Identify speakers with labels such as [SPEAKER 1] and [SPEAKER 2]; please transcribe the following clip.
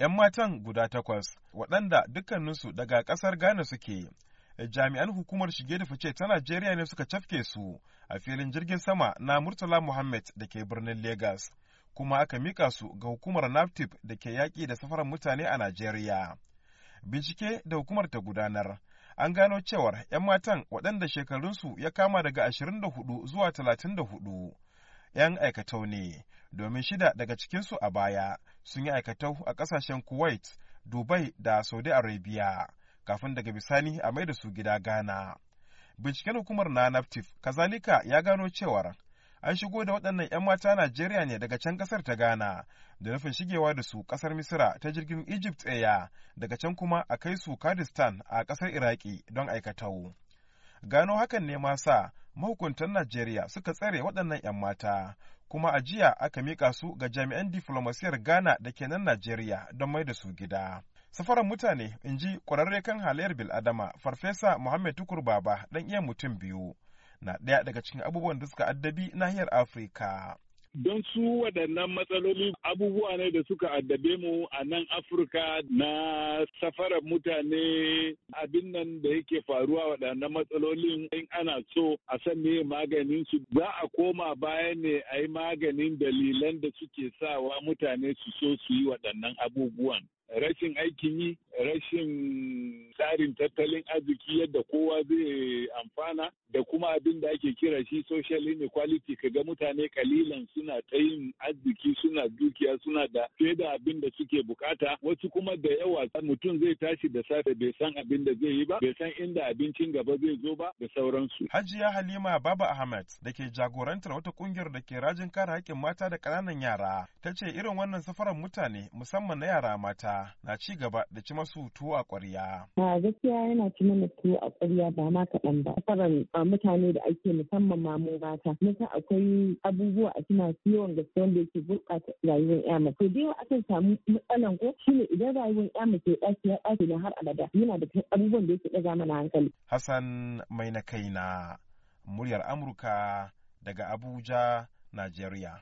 [SPEAKER 1] 'yan matan guda takwas waɗanda dukkaninsu daga ƙasar Ghana suke. Jami'an hukumar shige da fice ta Najeriya ne suka cafke su a filin jirgin sama na Murtala Muhammad da ke birnin Legas, kuma aka mika su ga hukumar NAFTIP da ke yaƙi da safarar mutane a Najeriya. Bincike da hukumar ta gudanar, an gano cewar 'yan matan waɗanda shekarunsu ya kama daga 24 zuwa 34 'yan aikatau ne, domin shida daga cikinsu a baya sun yi aikatau a ƙasashen Kuwait, Dubai da Saudi Arabia, kafin daga bisani a mai da su gida Ghana. Binciken hukumar na Naftif, kazalika ya gano cewar an shigo da waɗannan 'yan mata Najeriya ne daga can ƙasar ta gana da nufin shigewa da su ƙasar Misira ta jirgin Egypt ɗaya daga can kuma a kai su Kurdistan a ƙasar Iraki don aikatau. Gano hakan ne masa. mahukuntan Najeriya suka tsare waɗannan 'yan mata, kuma a jiya aka miƙa su ga jami'an diflomasiyar Ghana da ke nan Najeriya don mai da su gida. Safaran mutane, in ji ƙwararre kan halayyar Bil'adama, Farfesa Muhammad Tukur Baba, ɗan iya mutum biyu, na ɗaya daga cikin abubuwan da suka addabi nahiyar Afirka.
[SPEAKER 2] don su waɗannan matsaloli abubuwa ne da suka addabe mu a nan afirka na safarar mutane abin nan da yake faruwa waɗannan matsalolin in ana so a san me maganin su za a koma baya ne a yi maganin dalilan da suke sawa mutane su so su yi waɗannan abubuwan rashin aikin yi rashin tsarin tattalin arziki yadda kowa zai amfana da kuma abin da ake kira shi social inequality kaga mutane kalilan suna ta yin arziki suna dukiya suna da fiye da abin da suke bukata wasu kuma da yawa mutum zai tashi da safe bai san abin da zai yi ba bai san inda abincin gaba zai zo ba da sauransu. Hajiya Halima Baba
[SPEAKER 1] Ahmed da ke jagorantar wata kungiyar da ke rajin kare haƙƙin mata da ƙananan yara ta ce irin wannan safaran mutane musamman na yara mata na ci gaba da ci masu tuwo a ƙwarya.
[SPEAKER 2] A gaskiya yana ci mana tuwo a ƙwarya ba ma kaɗan ba. Kasarar mutane da ake musamman ma mu mata. akwai abubuwa a suna ciwon gaske wanda yake gurɓata rayuwar ƴa mace. Da yawa akan samu matsalan ko shi ne idan rayuwar ƴa mace ɗaki ya ɗaki na har abada yana da abubuwan da yake ɗaga mana hankali.
[SPEAKER 1] Hassan mai na kai na muryar Amurka daga Abuja, Najeriya.